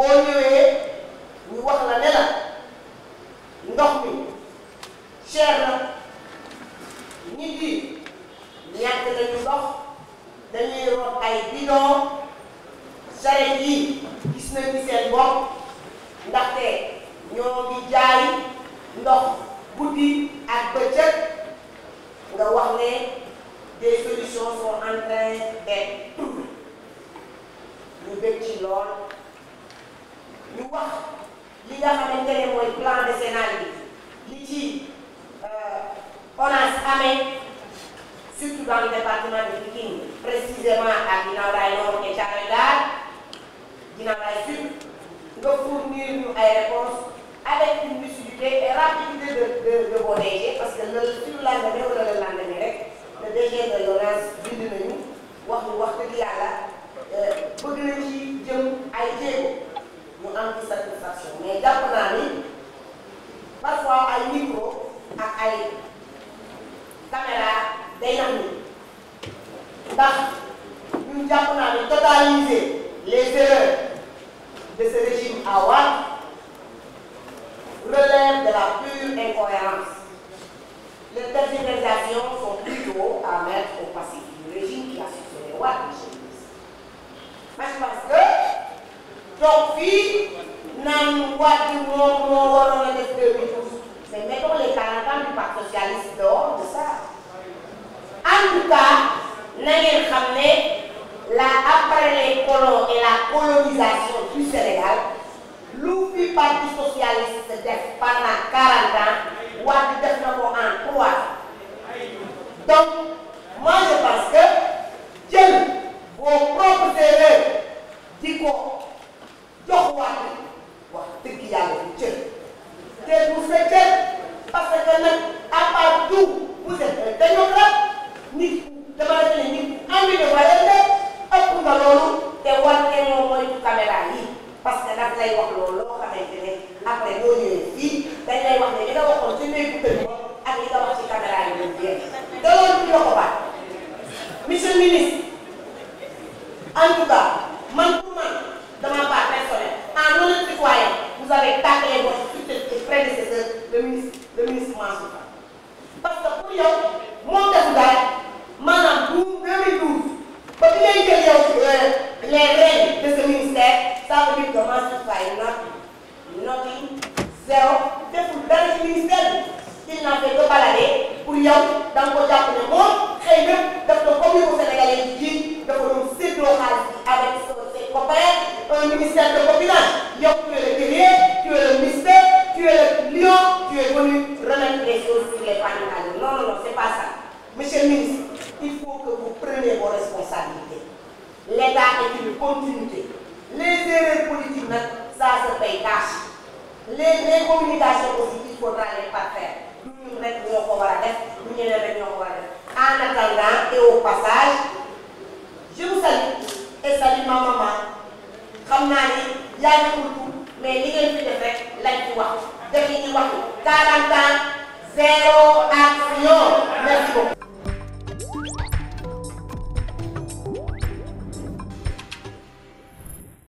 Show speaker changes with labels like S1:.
S1: boo ñëwee ñu wax la ne la ndox mi cher na nit yi ñàkk nañu ndox dañuy root ay bidon saret yi gis nañu seen bopp ndaxte ñoo ngi jaay ndox guddi ak bëccëg nga wax ne des solutions sont en train d'être trouvées li nga xamante ne mooy plan décennal bi li ci ONAS amee surtout dans le département de Pikine précisément à Guinaw Rail Nord et Thiaroye Gare Guinaw Rail Sud nga fournir ñu ay réponses avec une lucidité et rapidité de de de vos DG parce que le sur la ay caméra day nax ni ndax ñun jàpp naa ne totaliser les erreurs de ce régime à Wade relève de la pure incohérence les tergiversations sont plutôt à mettre au passif du régime qui a succédé Wade ma je pense que toog fii naan Wade moom moo waroon a def ngeen la après les colons et socialiste def pendant 40 ans Wade def na ko en trois donc moi je pense que jël vos propres lay wax loolu loo xamante ne après boo ñëwee fii dañ lay wax ne li nga waxoon ci néegu kër yi ak li nga wax ci caméra yi ñu jeex daloon ñu la ko baat monsieur le ministre en tout cas man pour man dama part personnel en honnête citoyen vous avez taclé votre prédécesseur le ministre le ministre Mansour Faye parce que pour yow moom defu daal notified nothing nothing zéro deful dara ministère bi il n'a que pour yow da nga ko jàpp ne moom xëy na daf ko comme ni ko sénégalais yi jiit dafa doon ministère de copinage yow tu es le tu es le tu es le lion tu es venu remettre les choses sur les panneaux non non non c'est pas ça il faut que vous preniez vos responsabilités l'État est une continuité. les erreurs politiques nag ça se paye cash les les communications aussi il faudra les parfaire du ñun rek ñoo ko war a def du ñeneen rek ñoo ko war a def en attendant et au passage je vous salue et salue ma maman xam naa ni yaa ngi tudd mais li ngeen fi def rek lañ ci wax def li ñuy wax 40 ans zéro action